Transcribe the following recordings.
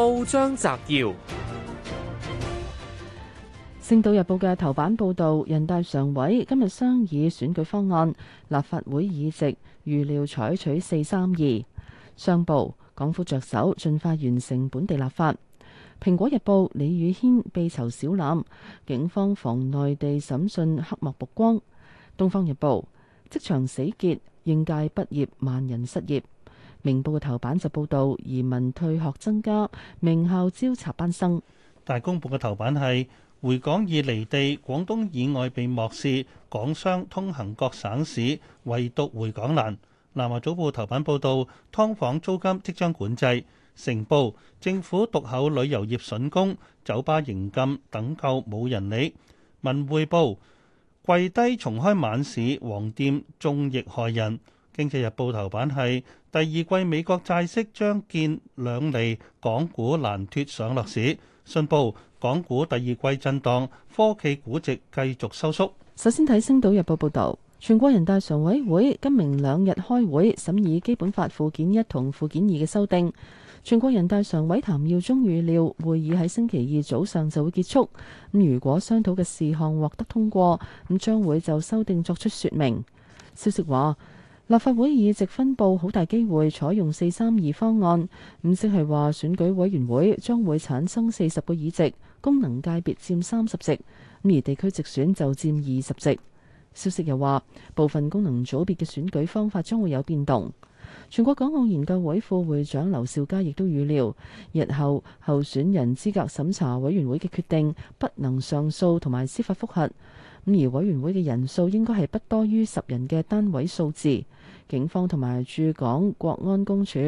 報章摘要：《星島日報》嘅頭版報道，人大常委今日商議選舉方案，立法會議席預料採取四三二。商報：港府着手盡快完成本地立法。《蘋果日報》李宇軒被囚小欖，警方防內地審訊黑幕曝光。《東方日報》職場死結，應屆畢業萬人失業。明報嘅頭版就報道移民退學增加，名校招插班生。大公報嘅頭版係回港易離地，廣東以外被漠視，港商通行各省市，唯獨回港難。南華早報頭版報道，劏房租金即將管制。成報政府獨厚旅遊業筍工，酒吧營禁等夠冇人理。文匯報跪低重開晚市，黃店縱疫害人。《經濟日報》頭版係第二季美國債息將見兩釐，港股難脫上落市。信報港股第二季震盪，科技估值繼續收縮。首先睇《星島日報》報導，全國人大常委會今明兩日開會審議基本法附件一同附件二嘅修訂。全國人大常委譚耀宗預料會議喺星期二早上就會結束。咁如果商討嘅事項獲得通過，咁將會就修訂作出說明。消息話，立法會議席分佈好大機會採用四三二方案，咁即係話選舉委員會將會產生四十個議席，功能界別佔三十席，而地區直選就佔二十席。消息又話部分功能組別嘅選舉方法將會有變動。全國港澳研究會副會長劉兆佳亦都預料，日後候選人資格審查委員會嘅決定不能上訴同埋司法覆核。咁而委員會嘅人數應該係不多於十人嘅單位數字，警方同埋駐港國安公署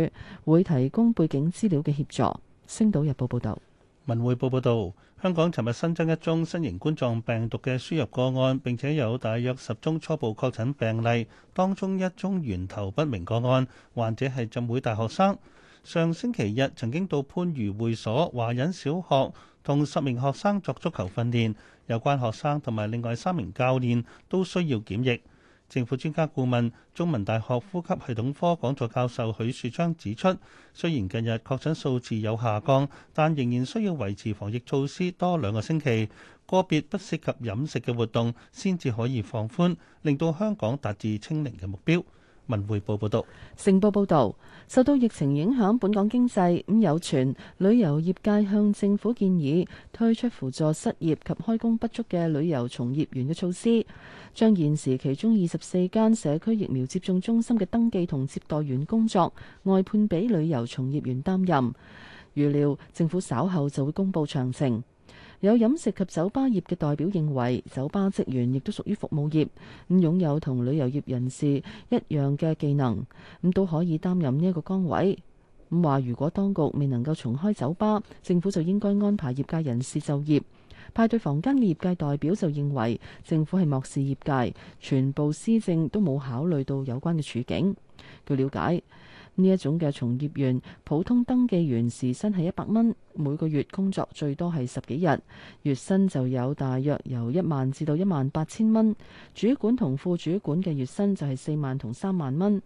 會提供背景資料嘅協助。星島日報報道。文匯報報道，香港尋日新增一宗新型冠狀病毒嘅輸入個案，並且有大約十宗初步確診病例，當中一宗源頭不明個案，患者係浸會大學生。上星期日曾經到番禺會所華仁小學同十名學生作足球訓練，有關學生同埋另外三名教練都需要檢疫。政府專家顧問、中文大學呼吸系統科講座教授許樹昌指出，雖然近日確診數字有下降，但仍然需要維持防疫措施多兩個星期，個別不涉及飲食嘅活動先至可以放寬，令到香港達至清零嘅目標。文匯報報道，成報報道，受到疫情影響，本港經濟咁有傳旅遊業界向政府建議推出輔助失業及開工不足嘅旅遊從業員嘅措施，將現時其中二十四間社區疫苗接種中心嘅登記同接待員工作外判俾旅遊從業員擔任。預料政府稍後就會公布詳情。有飲食及酒吧業嘅代表認為，酒吧職員亦都屬於服務業，咁擁有同旅遊業人士一樣嘅技能，咁都可以擔任呢一個崗位。咁話如果當局未能夠重開酒吧，政府就應該安排業界人士就業。派對房間嘅業界代表就認為，政府係漠視業界，全部施政都冇考慮到有關嘅處境。據了解，呢一種嘅從業員，普通登記員時薪係一百蚊，每個月工作最多係十幾日，月薪就有大約由一萬至到一萬八千蚊。主管同副主管嘅月薪就係四萬同三萬蚊，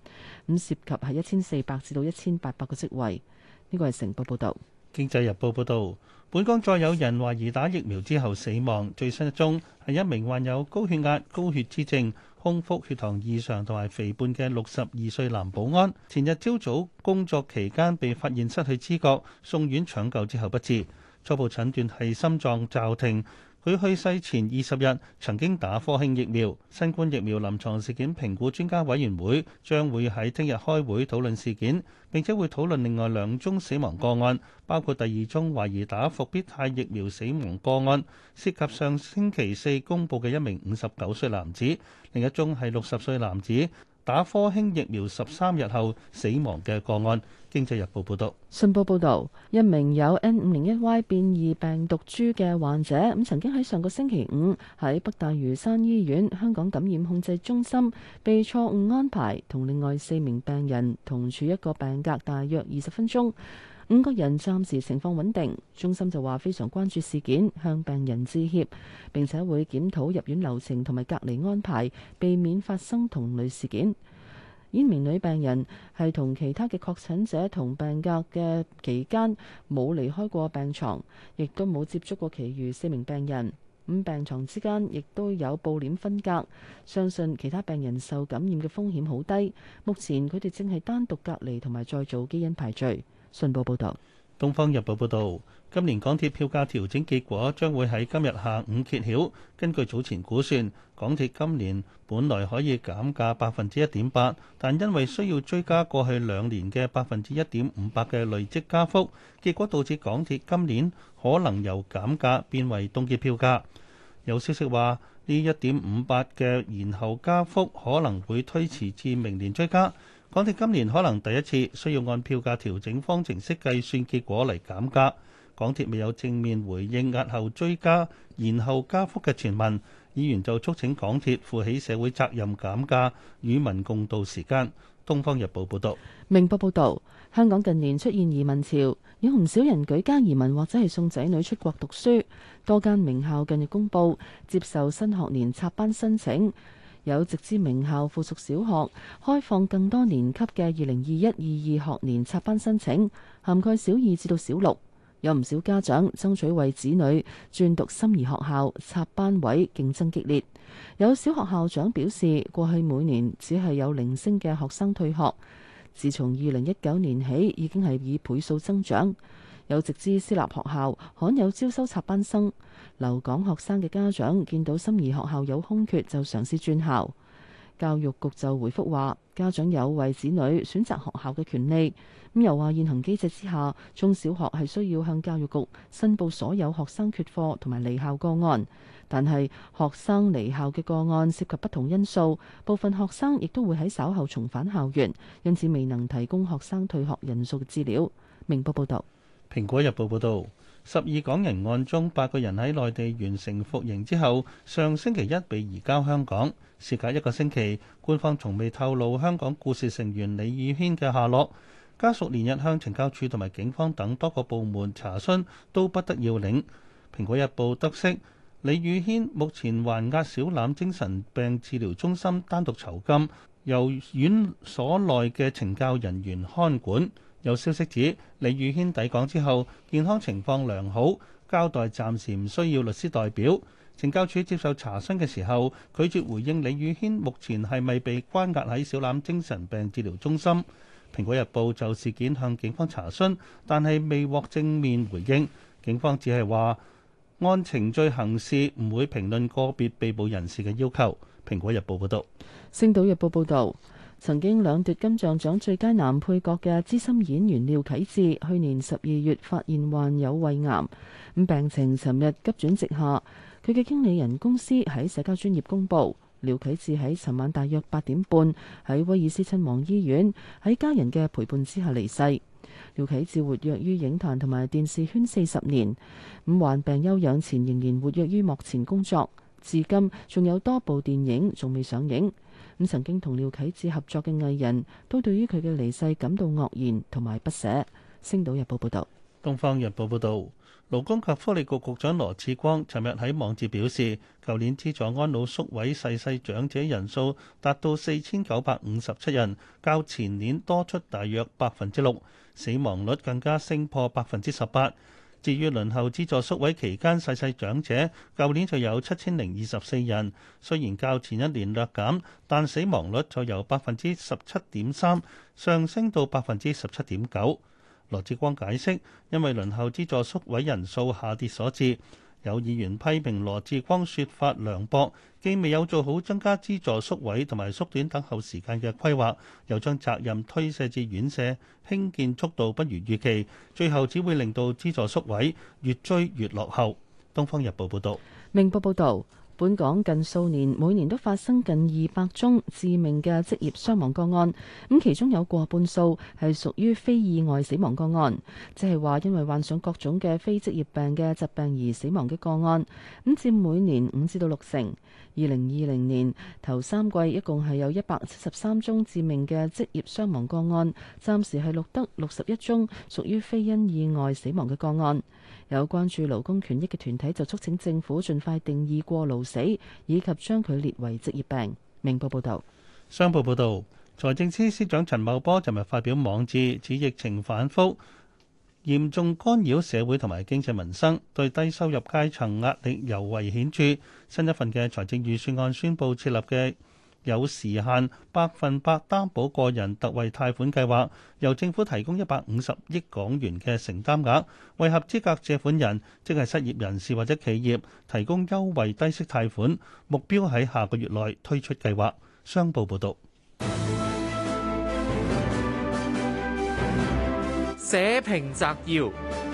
咁涉及係一千四百至到一千八百個職位。呢個係成報報導，《經濟日報》報道。本港再有人懷疑打疫苗之後死亡，最新一宗係一名患有高血壓、高血脂症、空腹血糖異常同埋肥胖嘅六十二歲男保安，前日朝早工作期間被發現失去知覺，送院搶救之後不治，初步診斷係心臟驟停。佢去世前二十日曾經打科興疫苗，新冠疫苗臨床事件評估專家委員會將會喺聽日開會討論事件，並且會討論另外兩宗死亡個案，包括第二宗懷疑打復必泰疫苗死亡個案，涉及上星期四公布嘅一名五十九歲男子，另一宗係六十歲男子。打科興疫苗十三日後死亡嘅個案，經濟日報報道，信報報道，一名有 N 五零一 Y 變異病毒株嘅患者，咁曾經喺上個星期五喺北大嶼山醫院香港感染控制中心被錯誤安排同另外四名病人同處一個病格，大約二十分鐘。五個人暫時情況穩定，中心就話非常關注事件，向病人致歉，並且會檢討入院流程同埋隔離安排，避免發生同類事件。呢名女病人係同其他嘅確診者同病隔嘅期間冇離開過病床，亦都冇接觸過其餘四名病人。咁病床之間亦都有布簾分隔，相信其他病人受感染嘅風險好低。目前佢哋正係單獨隔離同埋再做基因排序。信報報道：《東方日報》報導，今年港鐵票價調整結果將會喺今日下午揭曉。根據早前估算，港鐵今年本來可以減價百分之一點八，但因為需要追加過去兩年嘅百分之一點五八嘅累積加幅，結果導致港鐵今年可能由減價變為凍結票價。有消息話，呢一點五八嘅延後加幅可能會推遲至明年追加。港鐵今年可能第一次需要按票價調整方程式計算結果嚟減價。港鐵未有正面回應押後追加、然後加幅嘅傳聞。議員就促請港鐵負起社會責任減價，與民共度時間。《東方日報》報道。明報報道，香港近年出現移民潮，有唔少人舉家移民或者係送仔女出國讀書。多間名校近日公佈接受新學年插班申請。有直資名校附屬小學開放更多年級嘅二零二一二二學年插班申請，涵蓋小二至到小六。有唔少家長爭取為子女轉讀心儀學校插班位，競爭激烈。有小學校長表示，過去每年只係有零星嘅學生退學，自從二零一九年起，已經係以倍數增長。有直資私立學校罕有招收插班生，留港學生嘅家長見到心儀學校有空缺，就嘗試轉校。教育局就回覆話：家長有為子女選擇學校嘅權利。咁又話現行機制之下，中小學係需要向教育局申報所有學生缺課同埋離校個案。但係學生離校嘅個案涉及不同因素，部分學生亦都會喺稍後重返校園，因此未能提供學生退學人數嘅資料。明報報道。《蘋果日報》報導，十二港人案中，八個人喺內地完成服刑之後，上星期一被移交香港。事隔一個星期，官方從未透露香港故事成員李宇軒嘅下落，家屬連日向懲教署同埋警方等多個部門查詢都不得要領。《蘋果日報》得悉，李宇軒目前還押小欖精神病治療中心，單獨囚禁，由院所內嘅懲教人員看管。有消息指李宇軒抵港之後健康情況良好，交代暫時唔需要律師代表。懲教署接受查詢嘅時候拒絕回應李宇軒目前係咪被關押喺小欖精神病治療中心。《蘋果日報》就事件向警方查詢，但係未獲正面回應。警方只係話按程序行事，唔會評論個別被捕人士嘅要求。《蘋果日報》報道。《星島日報》報導。曾經兩奪金像獎最佳男配角嘅資深演員廖啟智，去年十二月發現患有胃癌，咁病情尋日急轉直下。佢嘅經理人公司喺社交專頁公佈，廖啟智喺尋晚大約八點半喺威爾斯親王醫院喺家人嘅陪伴之下離世。廖啟智活躍於影壇同埋電視圈四十年，咁患病休養前仍然活躍於幕前工作，至今仲有多部電影仲未上映。咁曾經同廖啟智合作嘅藝人都對於佢嘅離世感到愕然同埋不捨。《星島日報》報道，《東方日報》報道，勞工及福利局局局長羅致光尋日喺網誌表示，舊年資助安老宿位逝世長者人數達到四千九百五十七人，較前年多出大約百分之六，死亡率更加升破百分之十八。至於輪候資助宿位期間逝世長者，舊年就有七千零二十四人，雖然較前一年略減，但死亡率就由百分之十七點三上升到百分之十七點九。羅致光解釋，因為輪候資助宿位人數下跌所致。有議員批評羅志光説法涼薄，既未有做好增加資助縮位同埋縮短等候時間嘅規劃，又將責任推卸至院舍興建速度不如預期，最後只會令到資助縮位越追越落後。《東方日報》報道。《明報》報導。本港近數年每年都發生近二百宗致命嘅職業傷亡個案，咁其中有過半數係屬於非意外死亡個案，即係話因為患上各種嘅非職業病嘅疾病而死亡嘅個案，咁佔每年五至到六成。二零二零年頭三季一共係有一百七十三宗致命嘅職業傷亡個案，暫時係錄得六十一宗屬於非因意外死亡嘅個案。有關注勞工權益嘅團體就促請政府盡快定義過勞死，以及將佢列為職業病。明報報道。商報報道，財政司司長陳茂波尋日發表網誌，指疫情反覆。嚴重干擾社會同埋經濟民生，對低收入階層壓力尤為顯著。新一份嘅財政預算案宣布設立嘅有時限百分百擔保個人特惠貸款計劃，由政府提供一百五十億港元嘅承擔額，為合資格借款人，即係失業人士或者企業，提供優惠低息貸款。目標喺下個月內推出計劃。商報報道。報章摘要。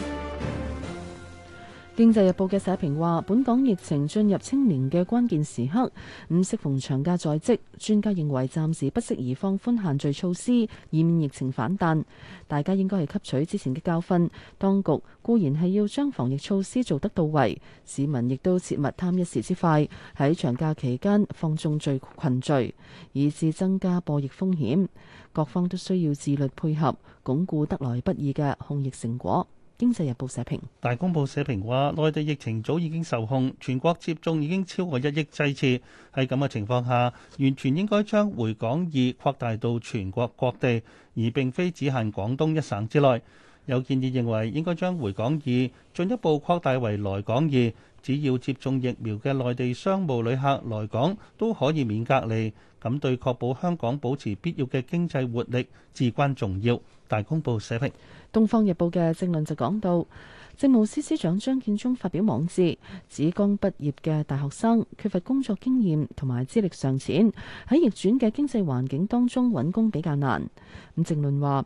經濟日報嘅社評話：本港疫情進入青年嘅關鍵時刻，唔適逢長假在即，專家認為暫時不適宜放寬限聚措施，以免疫情反彈。大家應該係吸取之前嘅教訓，當局固然係要將防疫措施做得到位，市民亦都切勿貪一時之快，喺長假期間放縱聚群聚，以致增加播疫風險。各方都需要自律配合，鞏固得來不易嘅控疫成果。經濟日報社評，大公報社評話，內地疫情早已經受控，全國接種已經超過一億劑次。喺咁嘅情況下，完全應該將回港易擴大到全國各地，而並非只限廣東一省之內。有建議認為，應該將回港易進一步擴大為來港易。只要接種疫苗嘅內地商務旅客來港都可以免隔離，咁對確保香港保持必要嘅經濟活力至關重要。大公報社評，《東方日報》嘅政論就講到，政務司司長張建宗發表網誌指，剛畢業嘅大學生缺乏工作經驗同埋資歷尚淺，喺逆轉嘅經濟環境當中揾工比較難。咁政論話。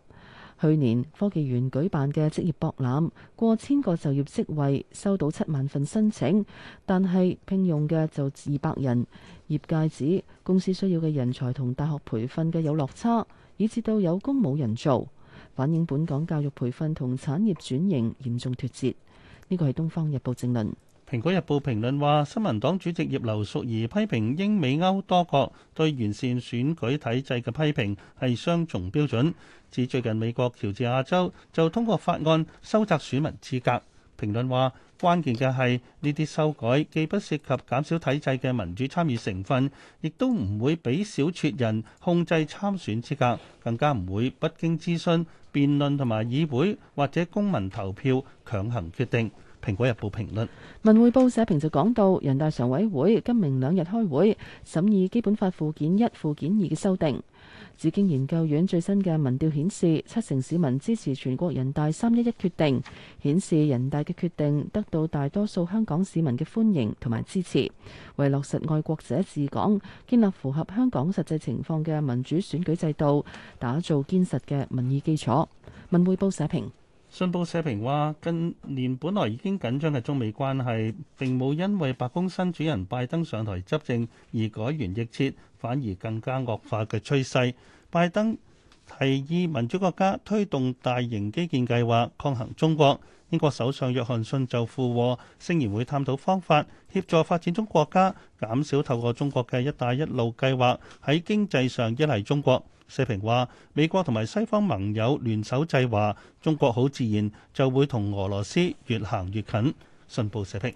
去年科技園舉辦嘅職業博覽，過千個就業職位收到七萬份申請，但係聘用嘅就二百人。業界指公司需要嘅人才同大學培訓嘅有落差，以至到有工冇人做，反映本港教育培訓同產業轉型嚴重脫節。呢個係《東方日報》正論。《蘋果日報》評論話，新聞黨主席葉劉淑儀批評英美歐多國對完善選舉體制嘅批評係雙重標準。至最近美國喬治亞州就通過法案收窄選民資格，評論話關鍵嘅係呢啲修改既不涉及減少體制嘅民主參與成分，亦都唔會俾小撮人控制參選資格，更加唔會不經諮詢、辯論同埋議會或者公民投票強行決定。《蘋果日報》評論，《文匯報》社評就講到，人大常委會今明兩日開會審議《基本法》附件一、附件二嘅修訂。紫荊研究院最新嘅民調顯示，七成市民支持全國人大三一一決定，顯示人大嘅決定得到大多數香港市民嘅歡迎同埋支持，為落實愛國者治港、建立符合香港實際情況嘅民主選舉制度，打造堅實嘅民意基礎。《文匯報》社評。信報社評話：近年本來已經緊張嘅中美關係，並冇因為白宮新主人拜登上台執政而改弦易轍，反而更加惡化嘅趨勢。拜登提議民主國家推動大型基建計劃抗衡中國。英國首相約翰遜就附和，聲言會探討方法協助發展中國家減少透過中國嘅「一帶一路」計劃喺經濟上依賴中國。社評話：美國同埋西方盟友聯手制華，中國好自然就會同俄羅斯越行越近。信報社評。